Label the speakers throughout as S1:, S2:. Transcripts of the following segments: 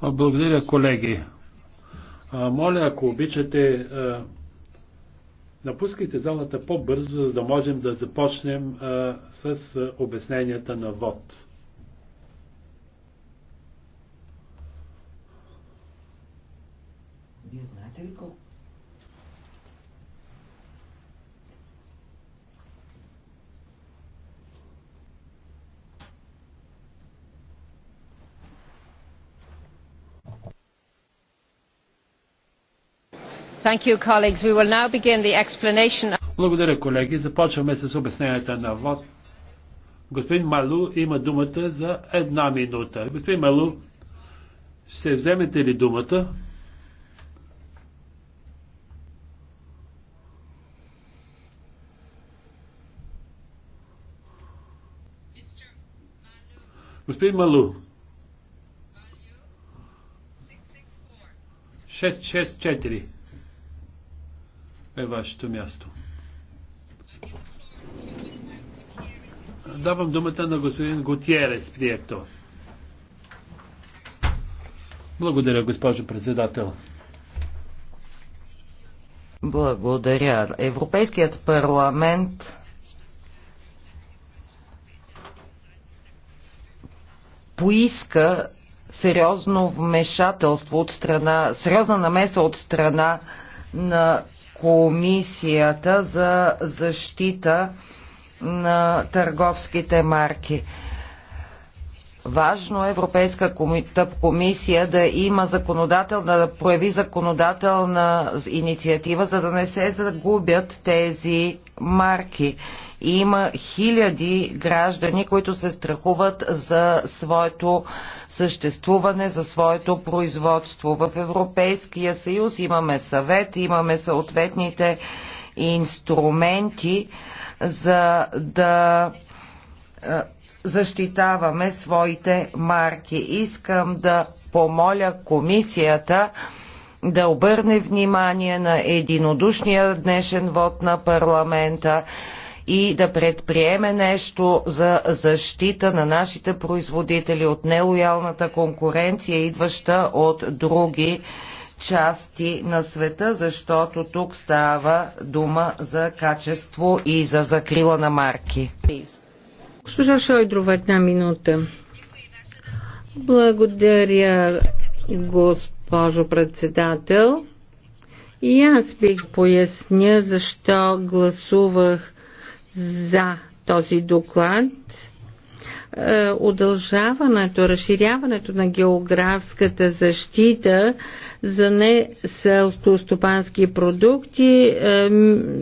S1: Um,
S2: благодаря, колеги. Моля, ако обичате, напускайте залата по-бързо, за да можем да започнем с обясненията на ВОД.
S3: Вие знаете ли колко?
S2: Благодаря, колеги. Започваме с обясненията на ВОД. Господин Малу има думата за една минута. Господин Малу, ще вземете ли думата? Господин Малу. 664 е вашето място. Давам думата на господин Готиерес приятел.
S3: Благодаря, госпожо председател. Благодаря. Европейският парламент поиска сериозно вмешателство от страна, сериозна намеса от страна на Комисията за защита на търговските марки. Важно е Европейска комисия да има законодателна, да прояви законодателна инициатива, за да не се загубят тези марки. Има хиляди граждани, които се страхуват за своето съществуване, за своето производство. В Европейския съюз имаме съвет, имаме съответните инструменти за да е, защитаваме своите марки. Искам да помоля комисията да обърне внимание на единодушния днешен вод на парламента и да предприеме нещо за защита на нашите производители от нелоялната конкуренция, идваща от други части на света, защото тук става дума за качество и за закрила на марки. Госпожа
S1: Шойдрова, една минута. Благодаря, госпожо председател. И аз бих поясня защо гласувах за този доклад. Е, удължаването, разширяването на географската защита за не селскостопански продукти е,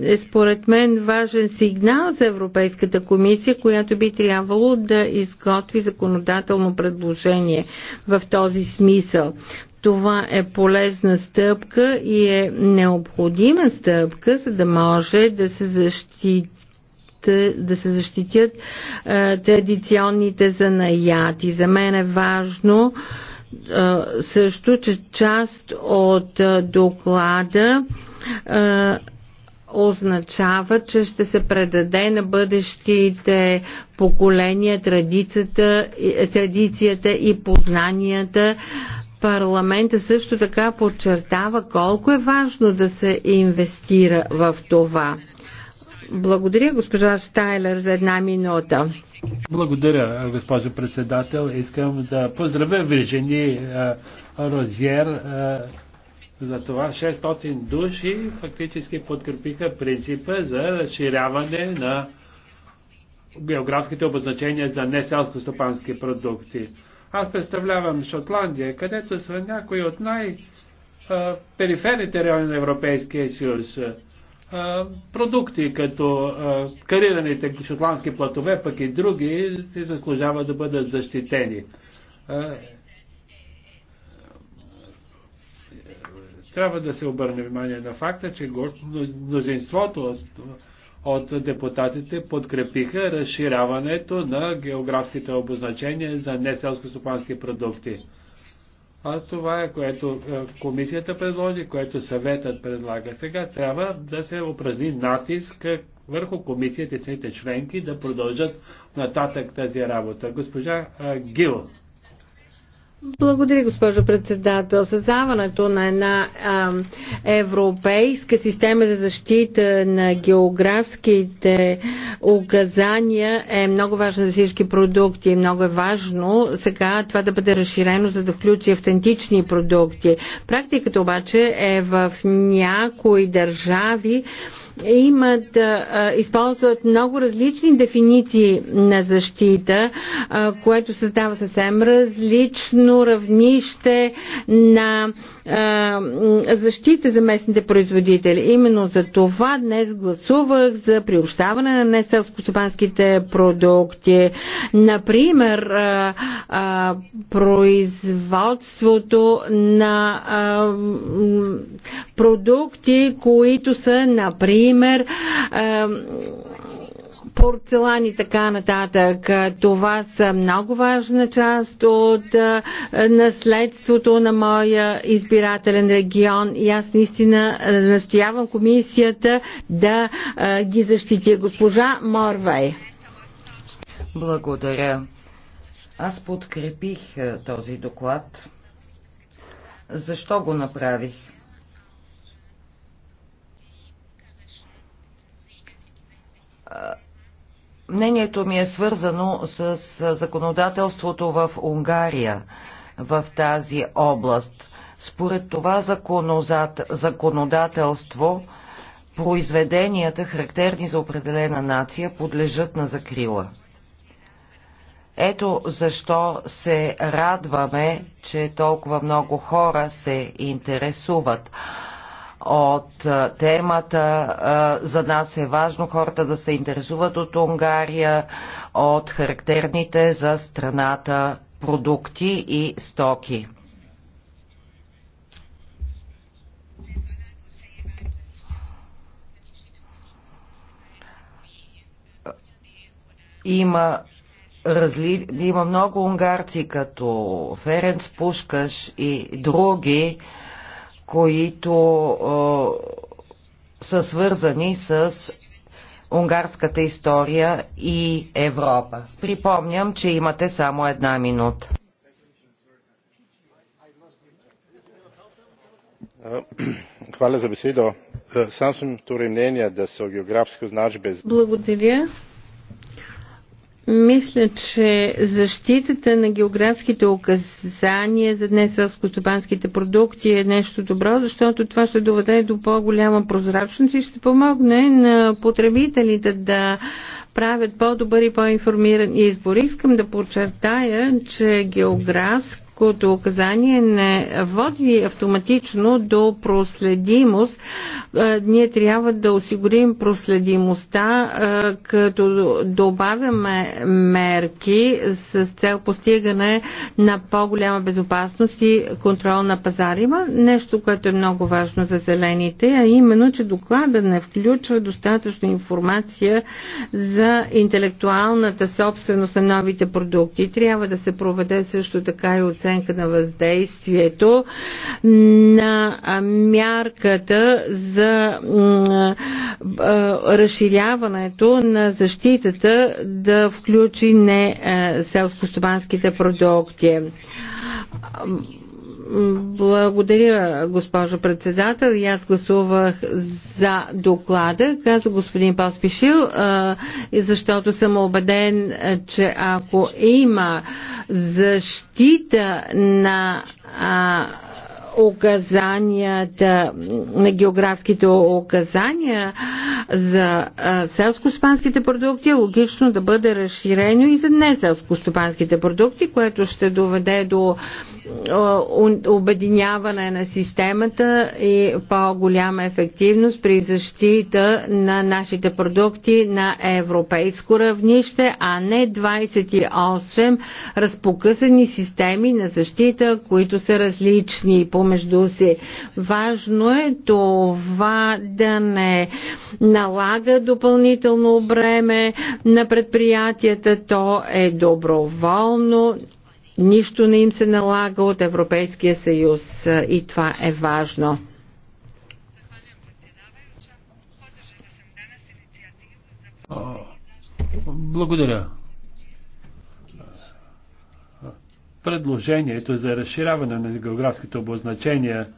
S1: е според мен важен сигнал за Европейската комисия, която би трябвало да изготви законодателно предложение в този смисъл. Това е полезна стъпка и е необходима стъпка, за да може да се защити е, да се защитят е, традиционните занаяти. За мен е важно е, също, че част от доклада означава, че ще се предаде на бъдещите поколения традицията, традицията и познанията. Парламента също така подчертава колко е важно да се инвестира в това. Благодаря, госпожа Стайлер, за една минута.
S2: Благодаря, госпожо председател. Искам да поздравя вижени Розиер за това 600 души фактически подкрепиха принципа за разширяване на географските обозначения за неселско-стопански продукти. Аз представлявам Шотландия, където са някои от най- периферните райони на Европейския съюз продукти, като карираните шотландски платове, пък и други, се заслужава да бъдат защитени. Трябва да се обърне внимание на факта, че мнозинството от, от депутатите подкрепиха разширяването на географските обозначения за неселско-стопански продукти. А това е което е, комисията предложи, което съветът предлага сега. Трябва да се упражни натиск е, върху комисията и членки да продължат нататък тази работа. Госпожа е, Гил.
S1: Благодаря, госпожо председател. Създаването на една а, европейска система за защита на географските указания е много важно за всички продукти. Много е важно сега това да бъде разширено, за да включи автентични продукти. Практиката обаче е в някои държави имат, използват много различни дефиниции на защита, което създава съвсем различно равнище на защита за местните производители. Именно за това днес гласувах за приобщаване на неселскостопанските продукти. Например, производството на продукти, които са, например, порцелан и така нататък. Това са много важна част от наследството на моя избирателен регион и аз наистина настоявам комисията да ги защити. Госпожа Морвай.
S3: Благодаря. Аз подкрепих този доклад. Защо го направих? мнението ми е свързано с законодателството в Унгария в тази област. Според това законодателство произведенията, характерни за определена нация, подлежат на закрила. Ето защо се радваме, че толкова много хора се интересуват от темата. За нас е важно хората да се интересуват от Унгария, от характерните за страната продукти и стоки. Има разли... има много унгарци, като Ференц Пушкаш и други, които са свързани с унгарската история и Европа. Припомням, че имате само една минута.
S2: Hvala za besedo. Sam sem torej mnenja, da so geografske označbe.
S1: Благодаря. Мисля, че защитата на географските указания за днес селскостопанските продукти е нещо добро, защото това ще доведе до по-голяма прозрачност и ще помогне на потребителите да правят по-добър и по-информиран избор. Искам да подчертая, че географско Европейското указание не води автоматично до проследимост. Е, ние трябва да осигурим проследимостта, е, като добавяме мерки с цел постигане на по-голяма безопасност и контрол на пазара. Има нещо, което е много важно за зелените, а именно, че доклада не включва достатъчно информация за интелектуалната собственост на новите продукти. Трябва да се проведе също така и оценка оценка на въздействието на мярката за разширяването на защитата да включи не селскостопанските продукти. Благодаря, госпожо председател. И аз гласувах за доклада, каза господин Спишил, защото съм убеден, че ако има защита на указанията, на географските указания за селско-спанските продукти е логично да бъде разширено и за неселско-стопанските продукти, което ще доведе до обединяване на системата и по-голяма ефективност при защита на нашите продукти на европейско равнище, а не 28 разпокъсани системи на защита, които са различни помежду си. Важно е това да не налага допълнително бреме на предприятията. То е доброволно Нищо не им се налага от Европейския съюз е, и това е важно.
S2: Благодаря. Предложението за разширяване на географските обозначения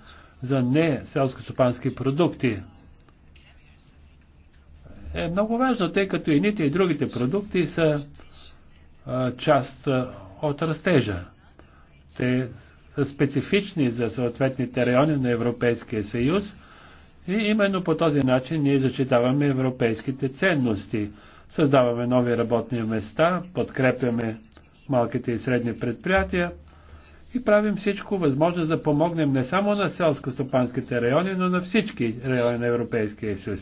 S2: за не селско супански продукти е много важно, тъй като едните и другите продукти са част от растежа. Те са специфични за съответните райони на Европейския съюз и именно по този начин ние зачитаваме европейските ценности. Създаваме нови работни места, подкрепяме малките и средни предприятия и правим всичко възможно да помогнем не само на селско-стопанските райони, но на всички райони на Европейския съюз.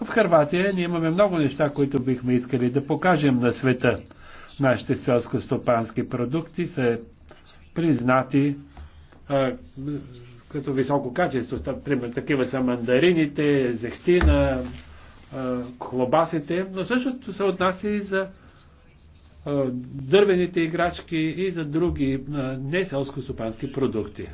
S2: В Харватия ние имаме много неща, които бихме искали да покажем на света – Нашите селско-стопански продукти са признати а, като високо качество. Пример, такива са мандарините, зехтина, хлобасите, но същото се отнася и за дървените играчки и за други неселско-стопански продукти.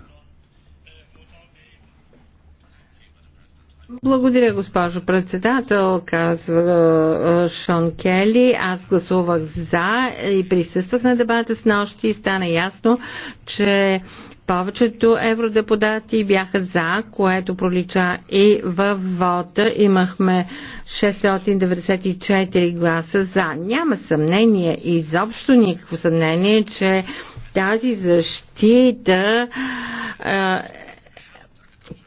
S1: Благодаря, госпожо председател, казва е, Шон Кели. Аз гласувах за и присъствах на дебата с нощи и стана ясно, че повечето евродепутати бяха за, което пролича и в вода. Имахме 694 гласа за. Няма съмнение, изобщо никакво съмнение, че тази защита е,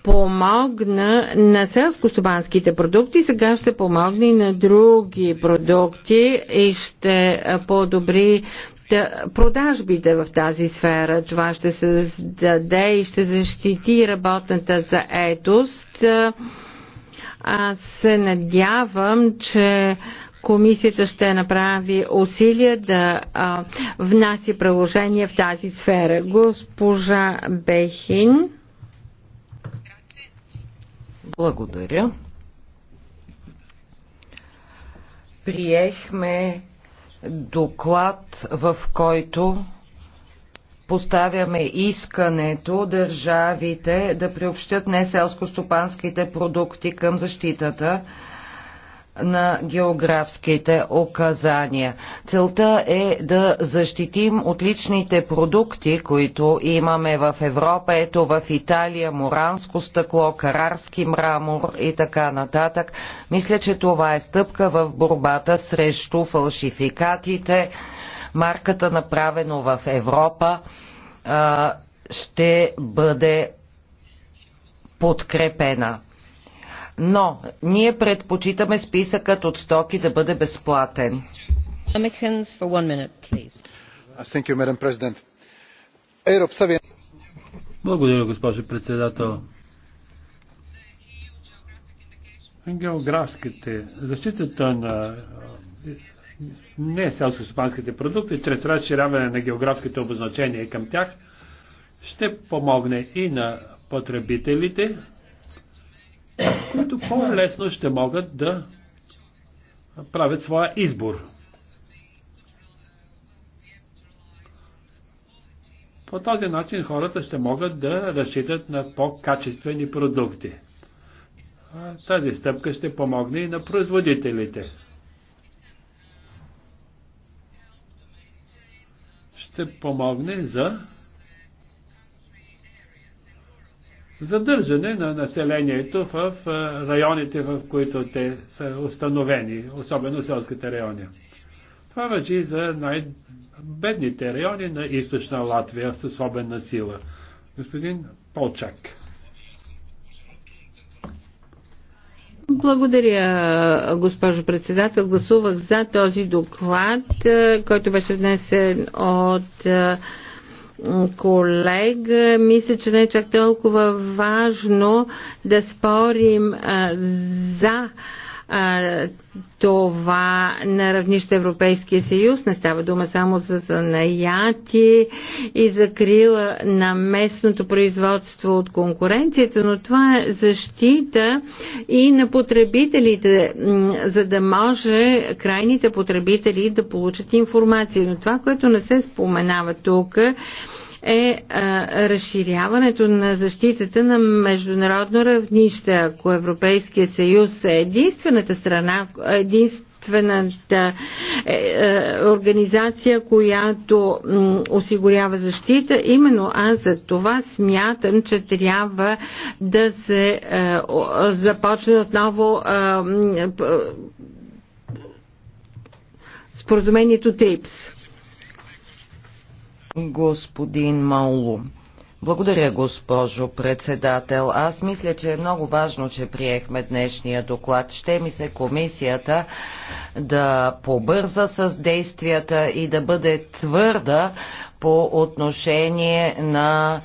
S1: помогна на селско-стопанските продукти, сега ще помогне и на други продукти и ще подобри продажбите в тази сфера. Това ще се даде и ще защити работната заетост. Аз се надявам, че комисията ще направи усилия да а, внася приложение в тази сфера. Госпожа Бехин.
S3: Благодаря. Приехме доклад, в който поставяме искането държавите да приобщат неселско-стопанските продукти към защитата на географските указания. Целта е да защитим отличните продукти, които имаме в Европа, ето в Италия, моранско стъкло, карарски мрамор и така нататък. Мисля, че това е стъпка в борбата срещу фалшификатите, марката направено в Европа ще бъде подкрепена но ние предпочитаме списъкът от стоки да бъде безплатен. Uh,
S2: Благодаря, госпожо председател. Географските, защитата на не селско-стопанските продукти, чрез разширяване на географските обозначения към тях, ще помогне и на потребителите, които по-лесно ще могат да правят своя избор. По този начин хората ще могат да разчитат на по-качествени продукти. Тази стъпка ще помогне и на производителите. Ще помогне за задържане на населението в районите, в които те са установени, особено селските райони. Това въжи за най-бедните райони на източна Латвия с особена сила. Господин Полчак.
S1: Благодаря, госпожо председател. Гласувах за този доклад, който беше внесен от колега, мисля, че не е чак толкова важно да спорим а, за а, това на равнище Европейския съюз. Не става дума само за занаяти и за крила на местното производство от конкуренцията, но това е защита и на потребителите, за да може крайните потребители да получат информация. Но това, което не се споменава тук, е а, разширяването на защитата на международно равнище. Ако Европейския съюз е единствената страна, единствената единствената организация, която осигурява защита. Именно аз за това смятам, че трябва да се е, започне отново е, споразумението ТРИПС
S3: господин Маулу. Благодаря, госпожо председател. Аз мисля, че е много важно, че приехме днешния доклад. Ще ми се комисията да побърза с действията и да бъде твърда по отношение на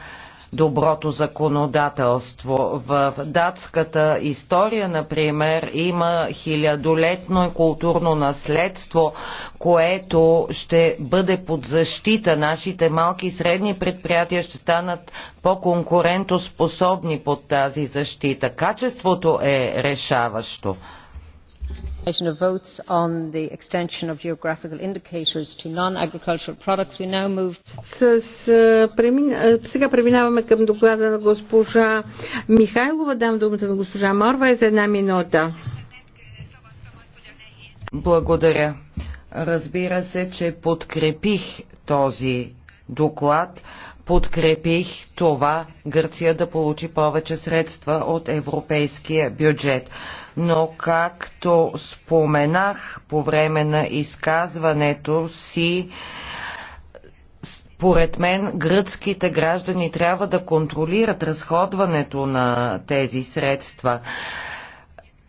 S3: доброто законодателство. В датската история, например, има хилядолетно и културно наследство, което ще бъде под защита. Нашите малки и средни предприятия ще станат по-конкурентоспособни под тази защита. Качеството е решаващо
S1: of votes on the extension of geographical indicators to non-agricultural products. We now move... С, Сега преминаваме към доклада на госпожа Михайлова. Дам думата на госпожа Морва е за една минута.
S3: Благодаря. Разбира се, че подкрепих този доклад подкрепих това Гърция да получи повече средства от европейския бюджет. Но както споменах по време на изказването си, според мен гръцките граждани трябва да контролират разходването на тези средства.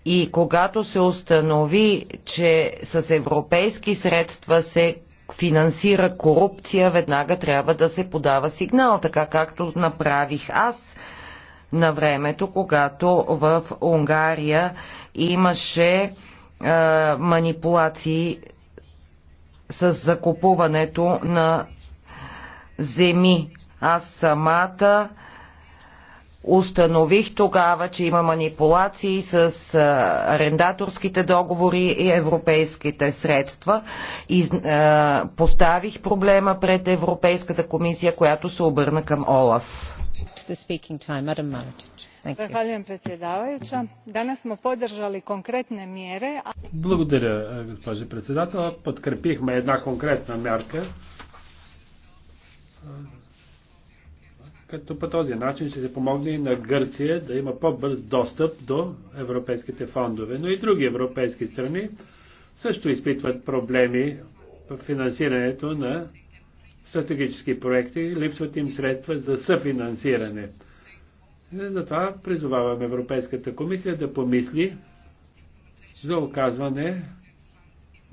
S3: И когато се установи, че с европейски средства се финансира корупция, веднага трябва да се подава сигнал, така както направих аз на времето, когато в Унгария имаше е, манипулации с закупуването на земи. Аз самата Установих тогава, че има манипулации с арендаторските договори и европейските средства. И, е, поставих проблема пред Европейската комисия, която се обърна към ОЛАФ.
S2: Благодаря, госпожи председател. Подкрепихме една конкретна мярка като по този начин ще се помогне и на Гърция да има по-бърз достъп до европейските фондове. Но и други европейски страни също изпитват проблеми в финансирането на стратегически проекти, липсват им средства за съфинансиране. Затова призовавам Европейската комисия да помисли за оказване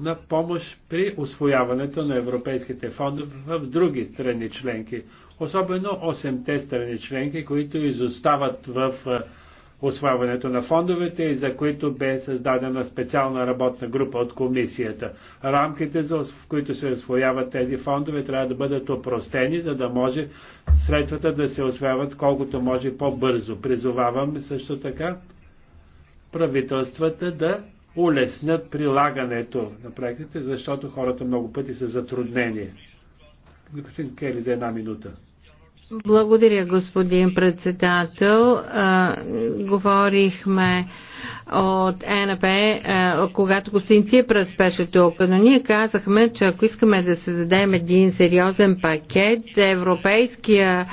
S2: на помощ при освояването на европейските фондове в други страни членки. Особено 8-те страни членки, които изостават в е, освояването на фондовете и за които бе създадена специална работна група от комисията. Рамките, в които се освояват тези фондове, трябва да бъдат опростени, за да може средствата да се освояват колкото може по-бързо. Призовавам също така правителствата да улеснят прилагането на проектите, защото хората много пъти са затруднени. Господин Кели за една минута.
S1: Благодаря, господин председател. А, говорихме от НП, е, е, когато господин Ципрас беше тук. Но ние казахме, че ако искаме да създадем един сериозен пакет, Европейския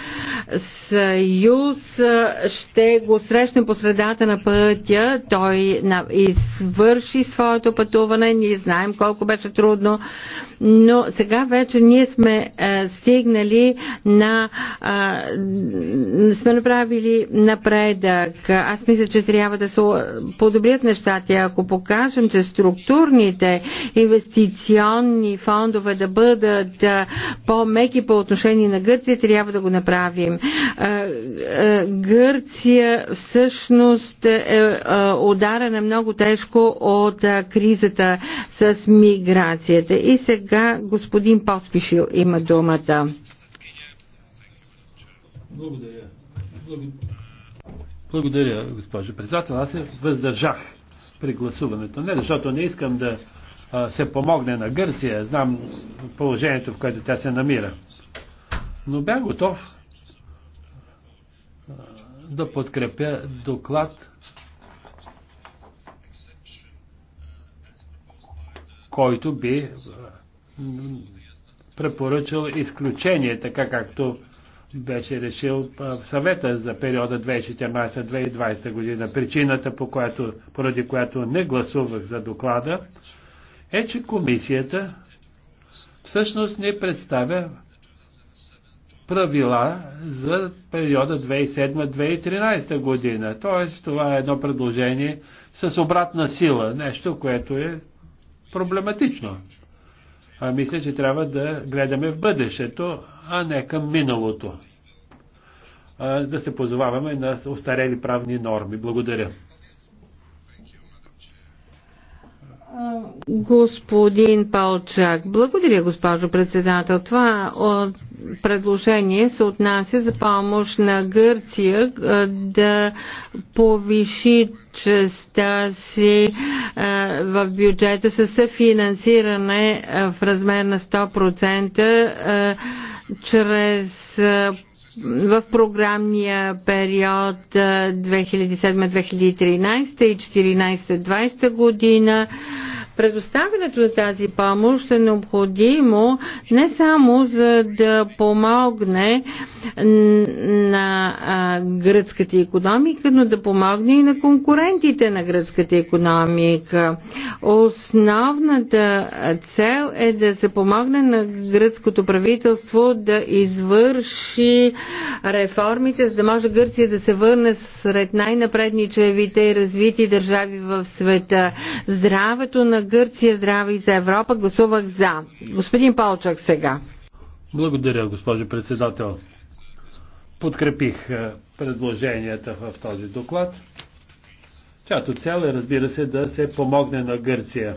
S1: съюз е, ще го срещне по средата на пътя. Той извърши своето пътуване. Ние знаем колко беше трудно. Но сега вече ние сме стигнали на. сме направили напредък. Аз мисля, че трябва да се подобрят нещата. Ако покажем, че структурните инвестиционни фондове да бъдат по-меки по отношение на Гърция, трябва да го направим. Гърция всъщност е, е ударена много тежко от кризата с миграцията. И сега господин Поспишил има думата.
S2: Благодаря. Благодаря. Благодаря, госпожо председател. Аз се въздържах при гласуването. Не защото не искам да а, се помогне на Гърция. Знам положението, в което тя се намира. Но бях готов а, да подкрепя доклад, който би а, препоръчал изключение, така както беше е решил съвета за периода 2014-2020 година. Причината, по която, поради която не гласувах за доклада, е, че комисията всъщност не представя правила за периода 2007-2013 година. Тоест, това е едно предложение с обратна сила, нещо, което е проблематично а, мисля, че трябва да гледаме в бъдещето, а не към миналото. А, да се позоваваме на устарели правни норми. Благодаря.
S1: Господин Палчак, благодаря, госпожо председател. Това предложение се отнася за помощ на Гърция да повиши частта си в бюджета със съфинансиране в размер на 100% чрез в програмния период 2007-2013 и 2014-2020 година Предоставянето на тази помощ е необходимо не само за да помогне на гръцката економика, но да помогне и на конкурентите на гръцката економика. Основната цел е да се помогне на гръцкото правителство да извърши реформите, за да може Гърция да се върне сред най-напредничевите и развити държави в света. Здравето на Гърция, здраве и за Европа. Гласувах за. Господин Полчак сега.
S2: Благодаря, госпожо председател. Подкрепих е, предложенията в този доклад, Чато цел е, разбира се, да се помогне на Гърция.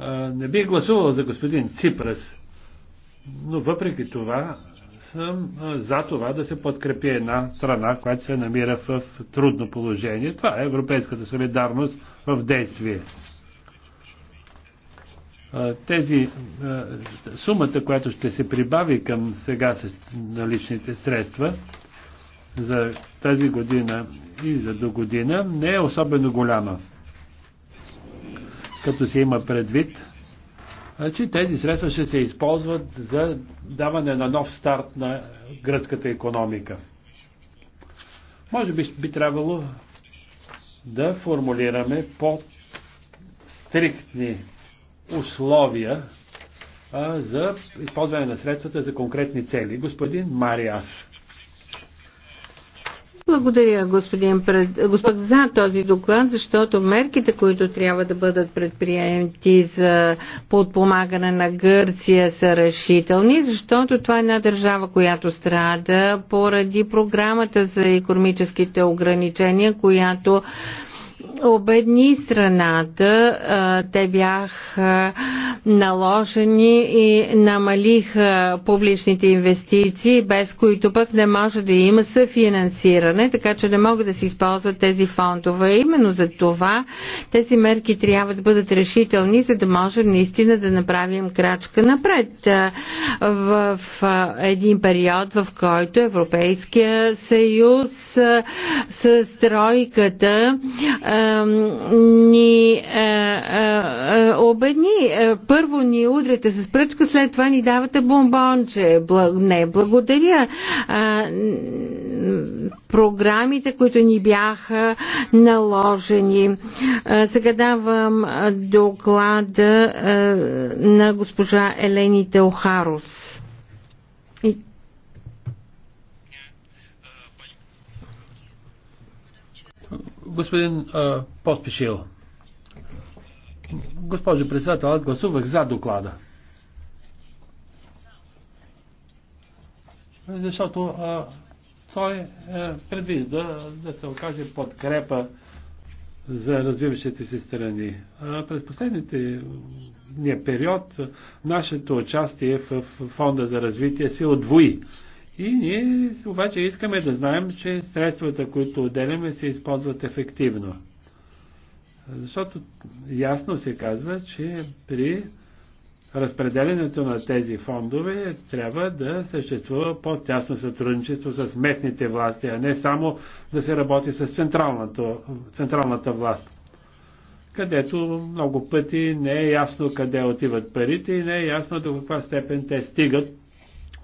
S2: Е, не бих гласувал за господин Ципрас, но въпреки това съм за това да се подкрепи една страна, която се намира в трудно положение. Това е европейската солидарност в действие. Тези сумата, която ще се прибави към сега с наличните средства за тази година и за до година, не е особено голяма. Като се има предвид, че тези средства ще се използват за даване на нов старт на гръцката економика. Може би би трябвало да формулираме по-стриктни условия а, за използване на средствата за конкретни цели. Господин Мариас.
S1: Благодаря, господин пред... господ, за този доклад, защото мерките, които трябва да бъдат предприемти за подпомагане на Гърция са решителни, защото това е една държава, която страда поради програмата за економическите ограничения, която обедни страната. Те бяха наложени и намалиха публичните инвестиции, без които пък не може да има съфинансиране, така че не могат да се използват тези фондове. Именно за това тези мерки трябва да бъдат решителни, за да можем наистина да направим крачка напред в един период, в който Европейския съюз с тройката ни обедни. Първо ни удрите с пръчка, след това ни давате бомбонче. Не, благодаря. Програмите, които ни бяха наложени. Сега давам доклада на госпожа Елени Теохарус.
S2: Господин а, Поспешил, госпожо председател, аз гласувах за доклада. Защото а, той е, предвижда да се окаже подкрепа за развиващите се страни. А през последните период нашето участие в Фонда за развитие се отвои. И ние обаче искаме да знаем, че средствата, които отделяме, се използват ефективно. Защото ясно се казва, че при разпределенето на тези фондове трябва да съществува по-тясно сътрудничество с местните власти, а не само да се работи с централната, централната власт, където много пъти не е ясно къде отиват парите и не е ясно до каква степен те стигат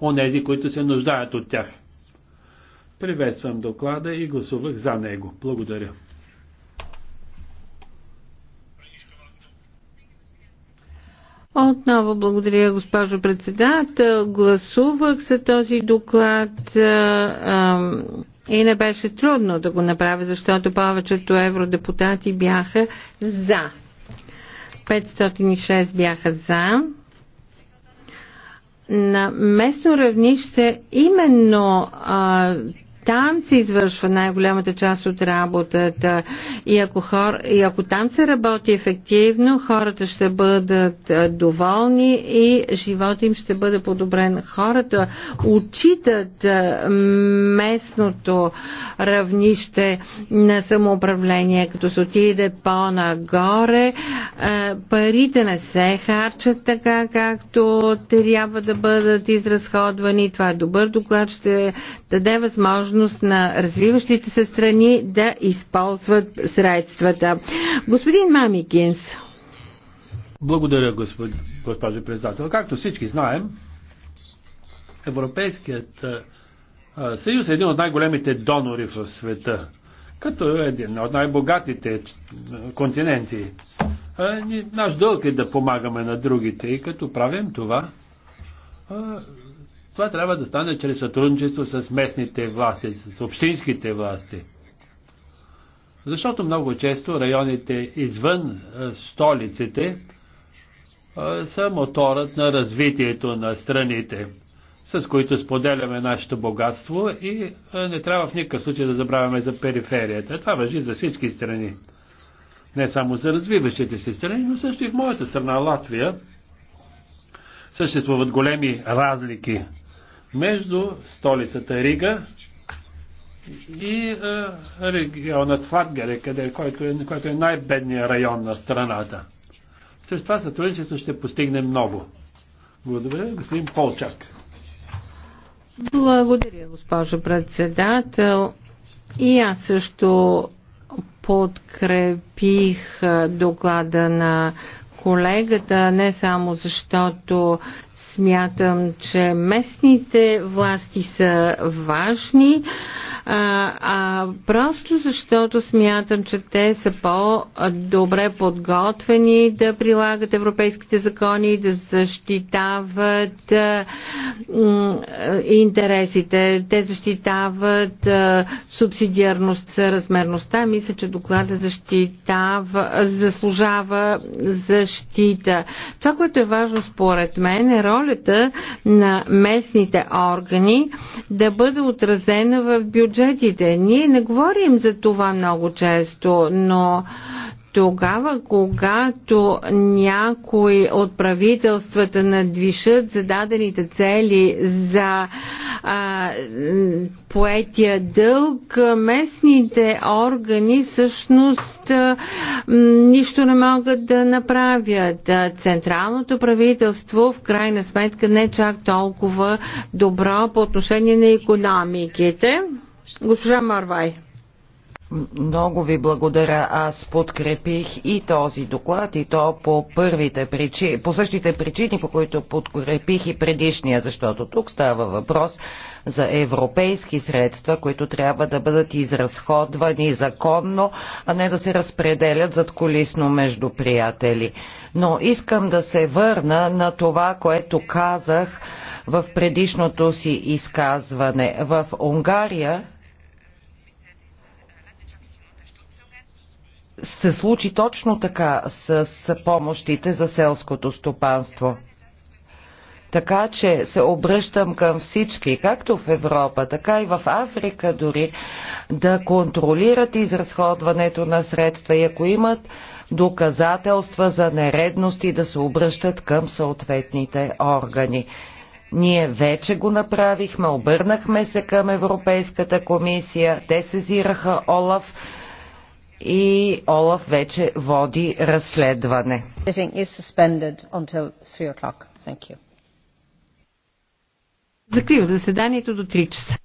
S2: онези, които се нуждаят от тях. Приветствам доклада и гласувах за него. Благодаря.
S1: Отново благодаря, госпожо председател. Гласувах за този доклад и не беше трудно да го направя, защото повечето евродепутати бяха за. 506 бяха за на местно равнище именно а, там се извършва най-голямата част от работата и ако, хор, и ако там се работи ефективно, хората ще бъдат доволни и живота им ще бъде подобрен. Хората отчитат местното равнище на самоуправление, като се отиде по-нагоре, парите не се харчат така, както трябва да бъдат изразходвани. Това е добър доклад, ще даде възможност възможност на развиващите се страни да използват средствата. Господин Мамикинс.
S2: Благодаря, госпожо председател. Както всички знаем, Европейският съюз е един от най-големите донори в света, като е един от най-богатите континенти. Наш дълг е да помагаме на другите и като правим това, това трябва да стане чрез сътрудничество с местните власти, с общинските власти. Защото много често районите извън столиците са моторът на развитието на страните, с които споделяме нашето богатство и не трябва в никакъв случай да забравяме за периферията. Това въжи за всички страни. Не само за развиващите се страни, но също и в моята страна Латвия съществуват големи разлики между столицата Рига и е, регионът Фатгере, къде, който е, който е най-бедният район на страната. С това сътрудничество ще постигнем много. Благодаря, господин Полчак.
S1: Благодаря, госпожо председател. И аз също подкрепих е, доклада на колегата, не само защото Смятам, че местните власти са важни а, а просто защото смятам, че те са по-добре подготвени да прилагат европейските закони и да защитават а, интересите. Те защитават а, субсидиарност, размерността, Мисля, че доклада защитава, заслужава защита. Това, което е важно според мен е ролята на местните органи да бъде отразена в бюджета бюджетите. Ние не говорим за това много често, но тогава, когато някои от правителствата надвишат зададените цели за а, поетия дълг, местните органи всъщност а, нищо не могат да направят. Централното правителство в крайна сметка не е чак толкова добро по отношение на економиките.
S3: Госпожа Марвай. Много ви благодаря. Аз подкрепих и този доклад, и то по, първите причини, по същите причини, по които подкрепих и предишния, защото тук става въпрос за европейски средства, които трябва да бъдат изразходвани законно, а не да се разпределят зад колисно между приятели. Но искам да се върна на това, което казах в предишното си изказване. В Унгария се случи точно така с помощите за селското стопанство. Така че се обръщам към всички, както в Европа, така и в Африка дори, да контролират изразходването на средства и ако имат доказателства за нередности да се обръщат към съответните органи. Ние вече го направихме, обърнахме се към Европейската комисия, те сезираха Олаф, и Олаф вече води разследване.
S1: Закривам заседанието до 3 часа.